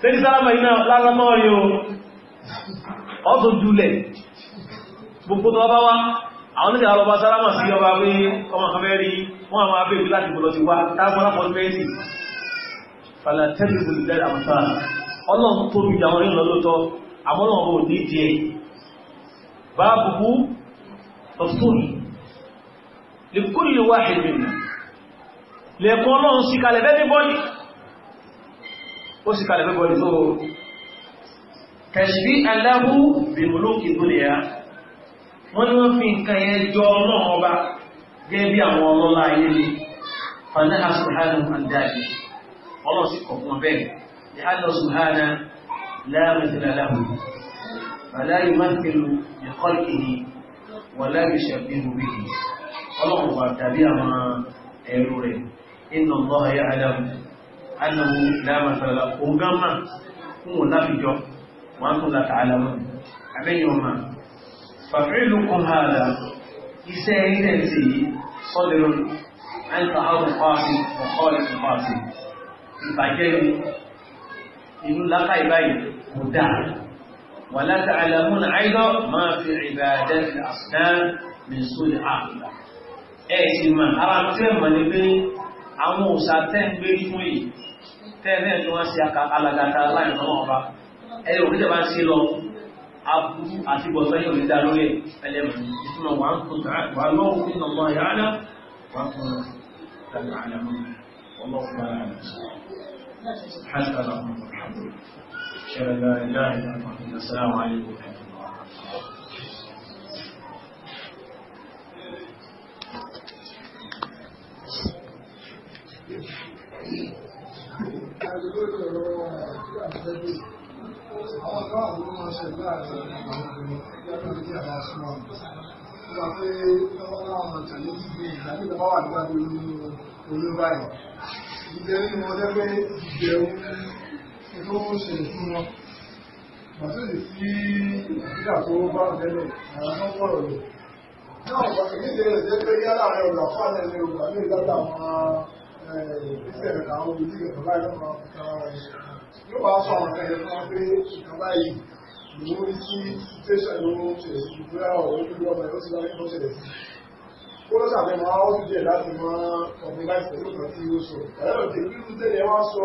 sẹ́bí sálámà iná lálámọ́ rí o ọ̀tọ̀ dúlẹ̀ gbogbo tó bá wá àwọn oníkà ọlọ́bá sálámà sí ọba pé ọmọ kan fẹ́ rí wọ́n àwọn abẹ́bí láti bọ̀lọ̀ ti wá tágbọ́n lápọ̀ mẹ́sì falatẹ́lì àmọ́nà ọ̀bọ̀ ní díẹ̀ báàbùkú ọ̀tún lèkúlù wà ẹ̀mìnà lẹ́kọ́ ọlọ́run sí kalẹ̀ bẹ́bẹ́bọ́lì ó sì kalẹ̀ bẹ́bọ́lì tó tẹ̀sí aláwú bèmọ̀lókè tó lè yá wọ́n ni wọ́n fi nǹkan yẹn jọ ọlọ́run ọba gẹ́gẹ́ bí àwọn ọlọ́lá ayé ni fanáhà ni لا مثل له فلا يمثل بخلقه ولا يشبه به ọlọ́run wà tàbí àwọn ẹ̀rù rẹ̀ inna Allaha ya'lamu annahu la mathala lahu ọgánmà fún wọn láfijọ́ wọ́n tún láta alamọ́ abẹ́yìn ọmọ fa'ilukum hadha iṣẹ́ ilẹ̀ sí sọ́dẹ̀rún àìsà àwọn fásí ọ̀kọ́ ìfásí ìbàjẹ́ inú lákàí báyìí مدعى ولا تعلمون أيضا ما في عبادات الأصنام من سوء عاقبة ẹ̀sìn mọ̀ ara tẹ́ mọ̀ ní pé àwọn òsà tẹ́ ń gbé fún yìí tẹ́ẹ̀mẹ́ ni wọ́n sí alàgàtà aláìmọ́ ọba ẹ̀yẹ òkúta bá sí lọ aburú àti bọ̀tọ́ yóò rí dá lórí ẹlẹ́mọ̀ ìtumọ̀ wà ń kò tàà wà lọ́wọ́ ní ọmọ ìyáná wà fún ọmọ ìyáná ọlọ́pàá أشهد أن لا إله إلا الله السلام عليكم ورحمة الله Ìjẹ́ ní ọjọ́ pé ìjẹun tó ṣẹlẹ̀ fún wọn màtúndì sí ìgbà tó bá bẹ́lẹ̀ àwọn tó rẹ̀ náà pàtàkì ní ìdílé rẹ̀ jẹ́ pé yálà rẹ̀ ọ̀gá fún àwọn ìgbésẹ̀ rẹ̀ àwọn àwọn ọ̀gá àwọn akẹ́kẹ́ fún wọn àwọn ọdún díẹ̀ láti mọ ọ̀gbìn láìpẹ́ lóògbà tí ó sọ ẹ̀rọ tèmi rú tẹ́lẹ̀ wá sọ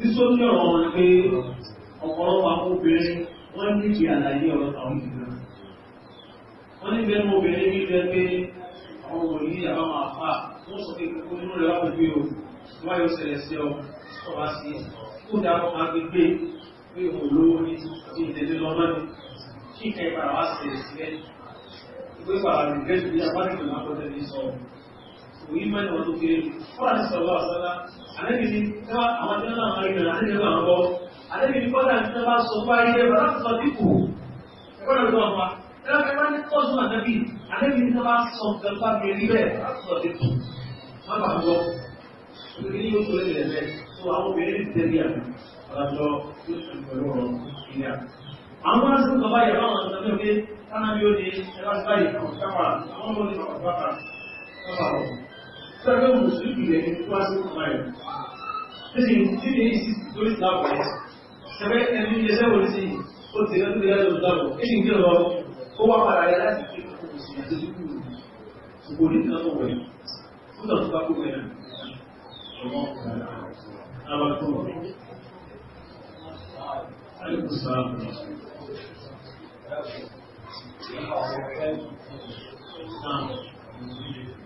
ní sórí ọ̀rọ̀ wọn pé ọ̀pọ̀lọpọ̀ àwọn obìnrin wọ́n ní kí àlàyé ọ̀rọ̀ àwọn ìdìbò wọ́n ní bẹ́ẹ̀ obìnrin ní bẹ́ẹ̀ pé àwọn wòlíì àbáwọn àfà wọ́n sọ pé kókó nínú rẹ̀ wà pé o wọ́n yóò ṣẹlẹ̀ sí ọ sọ̀rọ̀ sí kó dá ọmọ agbègbè pé onímọ̀ ìwọ̀n tó kéré wọ́n àti sọ̀rọ̀ àṣálá àlẹ́bìnrin káwà àwọn tí wọ́n máa rí rẹ̀ àti ìjọba àwọn àlẹ́bìnrin kọ́lá tí wọ́n bá sọ bá rí rẹ̀ láti sọ dípò ẹgbọ́n ìlú ọ̀pá ẹgbẹ́ bá ní kọ́ọ̀sù àtẹ́bí àlẹ́bìnrin tó bá sọ nǹkan bá rí rí rẹ̀ láti sọ dípò wọ́n bá lọ lórí ní oṣù lẹ́yìn rẹ̀ tó àwọn obìnrin ti tẹ́lẹ̀ àjọ àwọn aṣọ bàbá yàrá àwọn ọ̀sán tó ń gbé kánábíó ní ẹlásíláyè àwọn ọ̀sán wà àwọn ọmọ ní ọ̀sán bàbá ọ̀sán sọ́dọ̀ mùsùlùmí rẹ̀ ní tó wá sí kọmọ̀rẹ̀ títí tí ní ìsì lórí ìtàkùn rẹ̀ ṣẹ̀fẹ́ ẹni ilé sẹ́wọ̀n sí ó ti rẹ́ lórí ẹ̀rọ ìdáwọ̀ èyí ń gbé lọ ó wá padà rẹ̀ láti fi kókò sí àti ìlú gbogbo ní ìtàkùn rẹ̀ ó lọ tó bá kó rẹ̀ Thank you.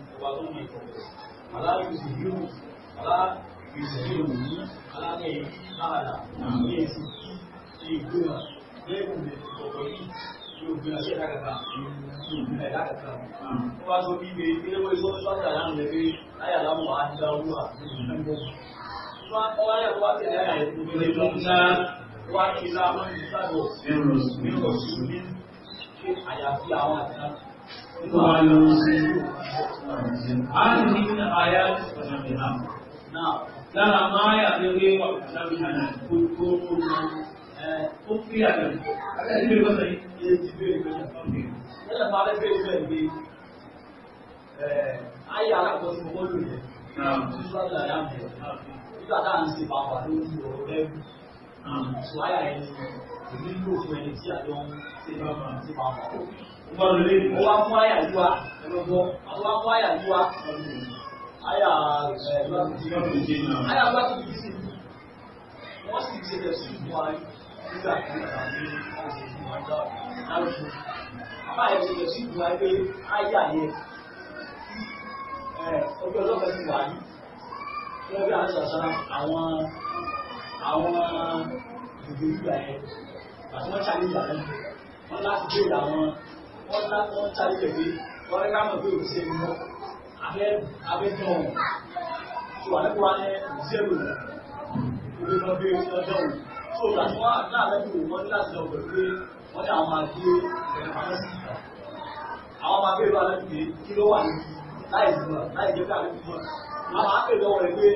وأظن فلا يزهره فلا يزهرني فلا قال يزهي يبدو غير من التوقيت يبدو شيء هكذا يبدو هكذا وأظن بي بي لو يزور صلاة الآن لبي لا يعلم ما أهدى الله Wa ìlànà ìsàdọ̀ ẹ̀rọ ìrọ̀sùn ní àyàfi àwọn àti náà. وعن هذه من الآيات المتشابهات نعم لها ما يأتي ومتشابها كلكم أخفي لكم هذا يجب أن يجب أن yálà máa lẹ́gbẹ̀ẹ́ ìgbẹ́ ìgbé ayé alákọ̀ọ́sí owó lòdì ṣíṣú àdìlàyà mẹ́ nígbà tá à ń ṣe pàápàá lórí ọ̀rọ̀ lẹ́rù ṣùgbọ́n ayà ẹni èmi lò fún ẹni tí àjọ ń ṣe pàápàá wọ́n lò lé wọ́n wá fún àyà yíwa ẹ̀rọ̀gbọ́ àwọn wá fún àyà yíwa àyà àyà wá tó fi sí wọ́n sì ti ṣe sùn fún wa nígbà tí wọ́n ti ṣe fún wa lárúkọ. àbá yẹn ti ṣe sùn fún àyà yẹn ọjọ́ ọlọ́pàá ti wà ní wọ́n bí àwọn ṣàṣà àwọn àwọn ìgbèrú ìgbà yẹn àti wọ́n ṣàlẹ̀ yẹn wọ́n láti béèrè àwọn wọ́n tá wọ́n wọ́n ká mọ̀ pé òun ṣe mú abẹ́ abẹ́ tán tó wà nípa ẹ zero òun lọ bí òun òun tó gbà tí wọ́n náà lẹ́yìn òun wọ́n ní láti lọ pẹ̀lú pé wọ́n ní àwọn máa gbé ẹ̀rẹ̀ pamọ́ sí àwọn máa gbé ìbára pé kí ló wà níbi láì zùmọ̀ láì jẹ́ káàrí fún wọn àwọn máa gbé lọ́wọ́ rẹ̀ pé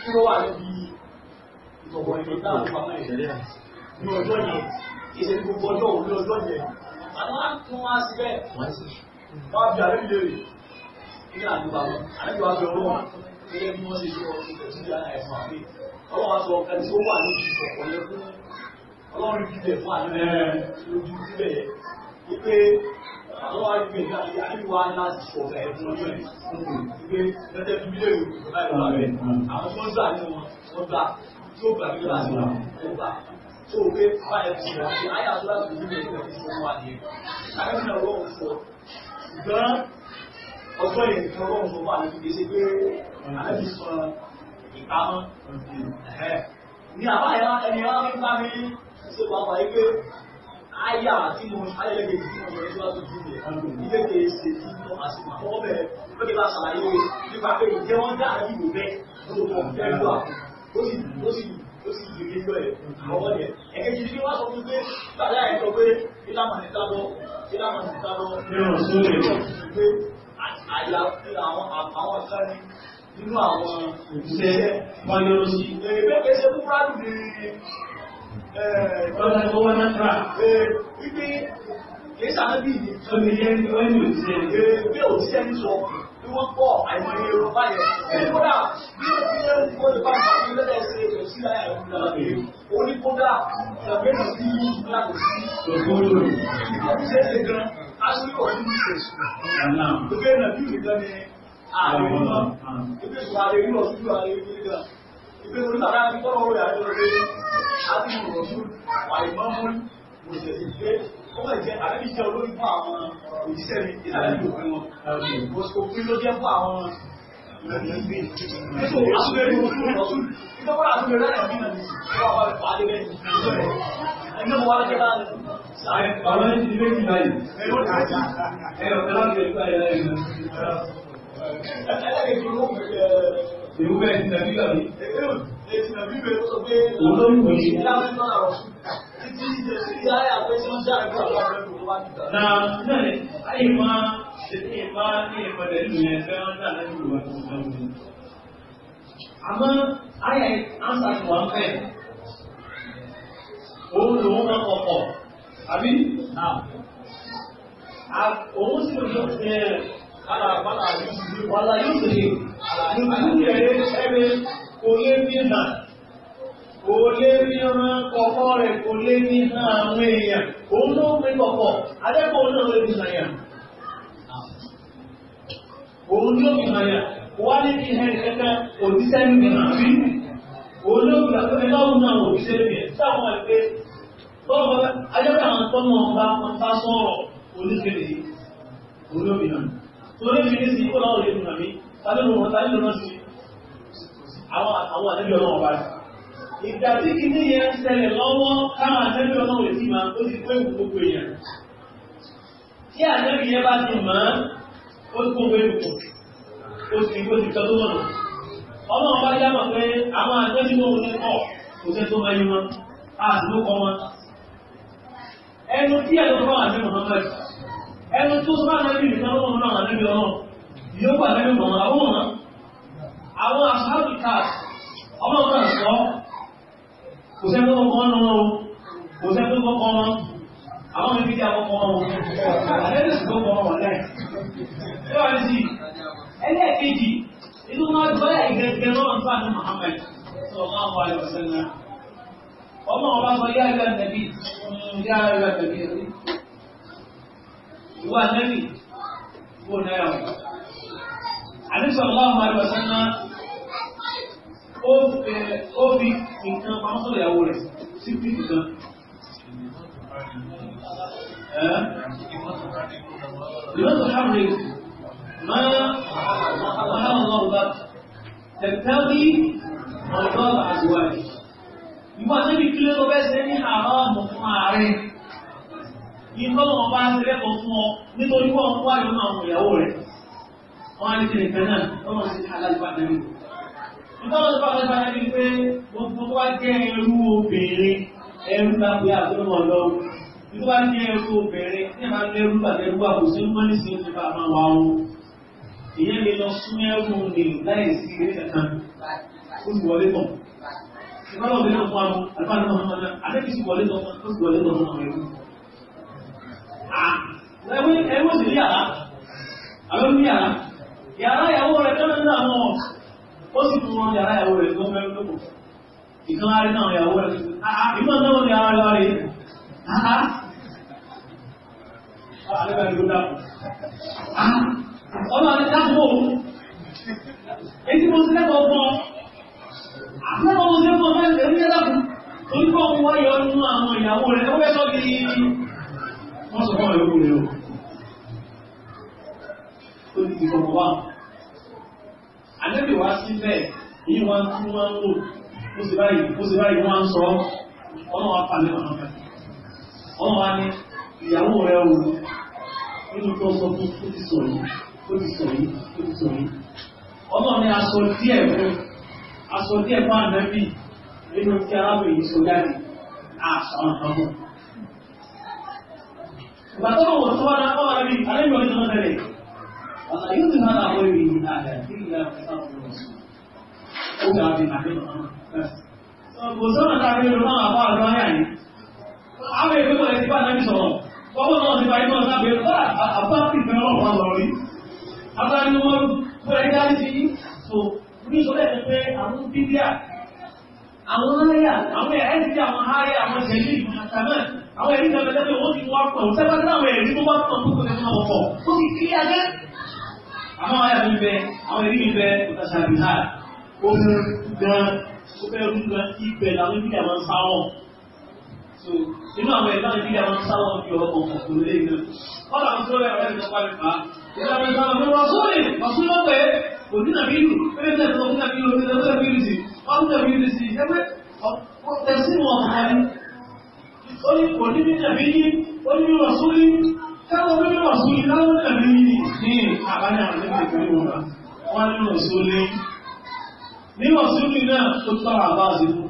kí ló wà níbi ìtọ̀wọ̀ ìlú náà ló pamọ́ ní ọjọ́ yẹn kí gbogbo ọjọ́ òun ní ọjọ́ yẹn àwọn tún wá síbẹ̀ wọ́n fi àlejò léèrè ní àdúgbà wọn àlejò wa fi ọwọ́ wọn gẹ́gẹ́ bí wọ́n ṣe ṣe ọ̀sẹ̀ tó ti yára ẹ̀fọn àbí ọwọ́ wa sọ ọ̀kan tí wà ní ìdìbò ọ̀yẹ́ fún ọlọ́run ìdílé fún àlejò lójú síbẹ̀ yẹ wípé àwọn wa gbé ní àlejò wa láti ṣọ̀fẹ́ ẹ̀fọn ẹ̀ wípé tẹ́tẹ́ fi bílẹ̀ ìwé báyìí tó o pé àwọn ẹbí rẹ ayé àdúrà tó ní ìlú ẹgbẹ́ fún wa nìyẹn àbẹ́bí náà wọ́n sọ ṣùgbọ́n ọgbọ́n yẹn nìkan wọ́n sọ wà lójú kìí pé àbẹ́bí sọ ìpamọ́ ní àbáyọ ẹni wá ń bá mi ṣe wà wáyé pé ayé àti mo ayẹyẹ tí mo yẹ lọ́wọ́ tó dúró ilé kìí ṣe tí mo máa ṣe àwọn bẹ̀rẹ̀ ó ti bá ṣàlàyé nípa pé ìjẹ́ wọ́n dá ó sì yí nígbà yẹn ọwọ́ yẹn ẹ̀kejì ni wọ́n sọ fún pé bàbá ẹ̀ pé ìlànà níta lọ ìlànà níta lọ nínú sóòlù pé àyà àwọn àwọn kan nínú àwọn òṣìṣẹ́ wáyọ́rọ́ sí. kẹsẹ̀ fún fúlàní ni ọ̀nà tó wọ́n náà tra. wípé kìí sàmẹ́bí ìdí. ó ní ẹni òṣìṣẹ́. èèbẹ́ òṣìṣẹ́ ń sọ wọ́n pọ̀ àìmọ̀ iye wọn báyẹn. Ẹni kódà bí o fi lé ní kóde bá bá mi lẹ́tọ̀ ṣe ètò sí láyà ìlú náà lè. O ní kódà ìgbàgbẹ́nu sí ìgbàgbọ́ sí ògbóló. Ṣé ṣe gan? Aṣọ́lé wọ̀ ní ìṣèṣù. Ìgbẹ́ náà bí ìgbà ni ààrẹ wọn náà. Ìgbẹ́ sọ ààrẹ yìí lọ sí ìlú ààrẹ yìí gan. Ìgbẹ́ sọ tàbí àti tọ́lọ́ ó lè jẹ́ àbẹ́bí olórí fún àwọn òjíṣẹ́ mi kí làbẹ́ òfin wọn òfin ló jẹ́ fún àwọn mẹ̀mẹ́bí ètò àtúbẹ̀rẹ̀ òfin ọ̀tún ìjọba àtúbẹ̀rẹ̀ láyà mí náà ní ìjọba wà lẹ́pàá adé bẹ́ẹ̀ ẹgbẹ́ mo wá lọ́jọ́ bá lẹ́ Àwọn ẹni tí ilé ti báyìí. Ẹ̀rọ ìdájà. Ẹ̀rọ ìdájà. Ẹ̀rọ ìdájà. Èwo bẹ́ẹ̀ ti nàbí gbàgbé? Èwo bẹ́ẹ̀ ti nàbí gbàgbé? Òun ló ń wòye. Ìyá mi tọ́lá rọ̀ na nílẹ̀ ayé máa ṣe ní ìbá ní ìpẹ̀lẹ̀ nínú ẹgbẹ́ ọ̀dà lẹ́yìn ìwà tó ń bọ̀ ní. àmọ́ ayé ansa ti wà ń fẹ́ òun lòun máa kọ̀kọ̀ àbí òun sì lòun ṣe ara àbálà àbí wàlá yóò ṣe àlàyé ẹgbẹ́ kò lè fi hàn kò lé ní ọmọ kọ̀kọ́ rẹ̀ kò lé ní àwọn èèyàn òun ló pín kọ̀kọ́ adẹ́kọ̀ọ́ náà lè fi hàyà òun ló fi hàyà wá ní kí hẹ́rì kẹta òbíṣẹ́ ní ìrìn àbí òun ló fi àpẹẹrẹ láwùn náà òbíṣẹ́ ní ìrìn sáwọn ẹgbẹ́ tọ́wọ́ ajẹ́kọ̀ àwọn tọ́mọ ọba ọba sọ̀rọ̀ oníṣẹ́lẹ̀ yìí òun ló fi hàn torí fi ní sí ìkọ́lá òun lè fi hàn mí tálẹ́ lọ́wọ́ tálẹ́ lọ́wọ́ sí àwọn àdébí ọlọ́wọ́ báyìí ìgbà tí kì ní yẹn ṣẹlẹ̀ lọ́wọ́ káwọn àtẹ́bí ọlọ́run èsì máa ó ti pé ìwò gbogbo èèyàn tí àtẹ́bí yẹn bá ti mọ̀ ó ti gbogbo ìwò ó ti kó ti tọ́ tó mọ̀nà ọlọ́run bá yá mọ̀ pé àwọn àtẹ́bí wọn ní kọ̀ kò sẹ́ tó máa yí wọn a sì ló kọ́ wọn ẹnu tí ẹ̀ ló fọ́ àti Muhammad ẹnu tó sọ́ àtẹ́bí nìkan ló mọ̀ náà àtẹ́bí ọlọ́run yóò wà lẹ́nu mọ̀ àwọn àwọn àṣáàbì káàkiri ọlọ́run náà sọ kò sẹ́ tó kọ́kọ́ ọ̀nà wọn kò sẹ́ tó kọ́kọ́ ọmọ àwọn ẹbí tí a kọ́kọ́ ọmọ wọn àlẹ́lẹ́ sì kọ́kọ́ ọmọ lẹ́ tí wọ́n ti ẹlẹ́ẹ̀kejì inú wọn gbọ́dọ̀ ìgẹ̀gẹ̀ lọ́wọ́ nípa ní Muhammad sallallahu alaihi wasallam ọmọ ọba sọ yá ẹgbẹ́ nàbí yá ẹgbẹ́ nàbí rí ìwà nàbí kó náà àdìsọ̀ ọlọ́run àdìsọ̀ náà لماذا تحرم ما سبحان الله لك تبتغي مرضات ازواجك ìwọ níbi kílé tó bẹ́ẹ̀ ṣe ní àrámù fún ààrẹ ní tọ́lọ̀wọ̀n bá ń rẹ́kọ̀ fún ọ nítorí wọ́n ń wáyé ọmọ àwọn ìyàwó rẹ̀ wọ́n á ní kìrì kan náà tọ́lọ̀ sí alájúbà nẹ́bí tó bá ní ẹrú obìnrin ní àbá lẹ́rú pàtẹ́rú àbò sí wọ́n ní sí ìjọba àmà wa o ìyẹn lè lọ sún ẹrú ní láì sí ilé kankan ó sì wọlé tán ìbálò ọ̀gbẹ́ náà fún àwọn àlùfáà náà fún àwọn àdébí sì wọlé tán ó sì wọlé tán fún àwọn ẹrú. ẹwé ẹwé sì ní yàrá àwọn ní yàrá yàrá ìyàwó rẹ̀ kẹ́lẹ́ ní àwọn ọ̀ ó sì fún wọn yàrá ìyàwó rẹ̀ tó fẹ́ lóko ìkan arí náà ìyàwó rẹ̀ tó ọmọ rẹ̀ dákò èyí mo sí lẹ́kọ̀ọ́ fún ọ mo sí lẹ́kọ̀ọ́ fún ẹgbẹ̀rún yẹ́ dákò mú wáyé ọdún àwọn ìyàwó rẹ̀ ó wẹ́sọ́ bí wọ́n sọ fún ẹ̀yọ́kù rẹ̀ ó tó ti o nínú tó sọ fún ó ti sọ yìí ó ti sọ yìí ó ti sọ yìí ọmọ mi aṣọ díẹ̀ fún aṣọ díẹ̀ fún ànábì nínú tí arábìnrin sọ jáde àṣà ọ̀nà ìgbà tó wọ̀ tó wà lápá wà lábí àlejò ọjọ́ náà tẹ̀lé ọ̀nà yóò ti máa láwọn èrè yìí àgbà tí ìlà ìsáfún ọ̀sùn ó gbà bí àlejò náà kò sọ́nà tá a fi lè lọ máa bá àlọ́ ayà yìí àwọn èèyàn tó wọlé ti bá ànábì sọ̀rọ̀ ọmọ náà ti báyìí náà sábẹ́ lọ́wọ́ àbáàkì kan lọ́wọ́ wọn lọ rí abáyé ni wọ́n bẹ̀rẹ̀ dárí sí yìí tó ní ìṣọ̀lẹ̀ ti pé àwọn bíbíà àwọn náírà àwọn ẹ̀rẹ́ ti di àwọn háyà àwọn ṣẹ̀lí àtàmẹ́ àwọn ẹ̀rí kan lẹ́gbẹ̀ẹ́ wọ́n ti wá pọ̀ sẹ́gbà tí àwọn ẹ̀rí tó wá pọ̀ tó kò tẹ́lẹ̀ wọ̀ pọ̀ ó ti kí ajẹ́ àwọn ayà mi bẹ àwọn ẹ̀rí mi bẹ òtàṣà bìhà ó fẹ́ gan ó fẹ́ rú gan ibẹ̀ làwọn ibi àwọn sáwọn so inú àwọn ẹ̀dá ìdílé àwọn sáwọn ju ọmọ ọ̀sán lé iná wọ́n làwọn tó lẹ́yìn ọ̀rẹ́ ìjọba rẹ̀ fà á ìjọba rẹ̀ sáwọn pé wọ́n sórí ọ̀sán ló pé òní nàbí ìlú pé tẹ̀sí òní nàbí ìlú pé tẹ̀sí òní ìlú sí wọ́n tẹ̀sí ìlú sí ẹgbẹ́ tẹ̀sí wọn kàn ní òní ní nàbí ní òní ní wàsúlì táwọn ní wàsúlì láwọn nàbí ní ní àbáyà ní wàsúlì náà tó tọ́ àbá àti fún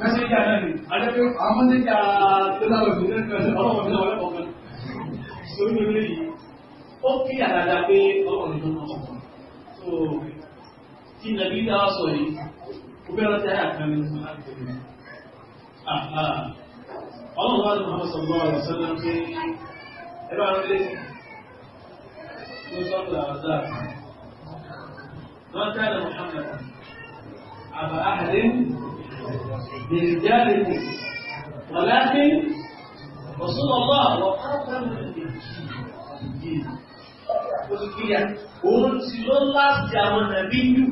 mẹ́sẹ̀jì àná ni adẹ́pẹ́ àwọn mẹ́sẹ̀jì àtẹ́láwọ̀ ìṣẹ̀lẹ̀ ìfẹsẹ̀ ọlọ́wọ́ ní ọ̀rẹ́ ọ̀gbọ́n sórí ilé yìí ó kí àdáda pé ọlọ́wọ́ ní ọ̀gbọ́n so tí nàbí dá wá sọ yìí ó Muhammad sallallahu alaihi wasallam pé ẹ Muhammad àbá àhàlẹ́ برجالكم ولكن رسول الله وقاتل الإنجيل olùkíyà òun ti ló láti àwọn nàbí yù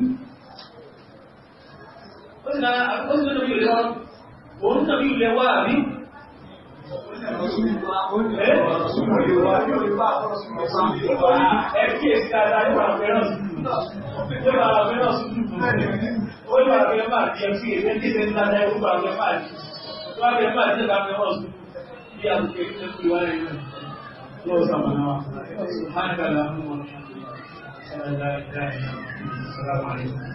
ó sì náà àkókò nàbí yù lẹ́wà òun nàbí yù lẹ́wà àbí ẹ̀kí èsì àdáyé wà fẹ́ràn sí wani ba ga yamma da yanzu ya zai zai ta da yau ba ga yamma da ba ga yamma da ta ga wasu ya ku ke da kuwa ne no sama na subhanaka la ilaha illa anta assalamu alaikum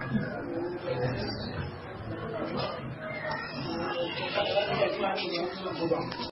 Thank you.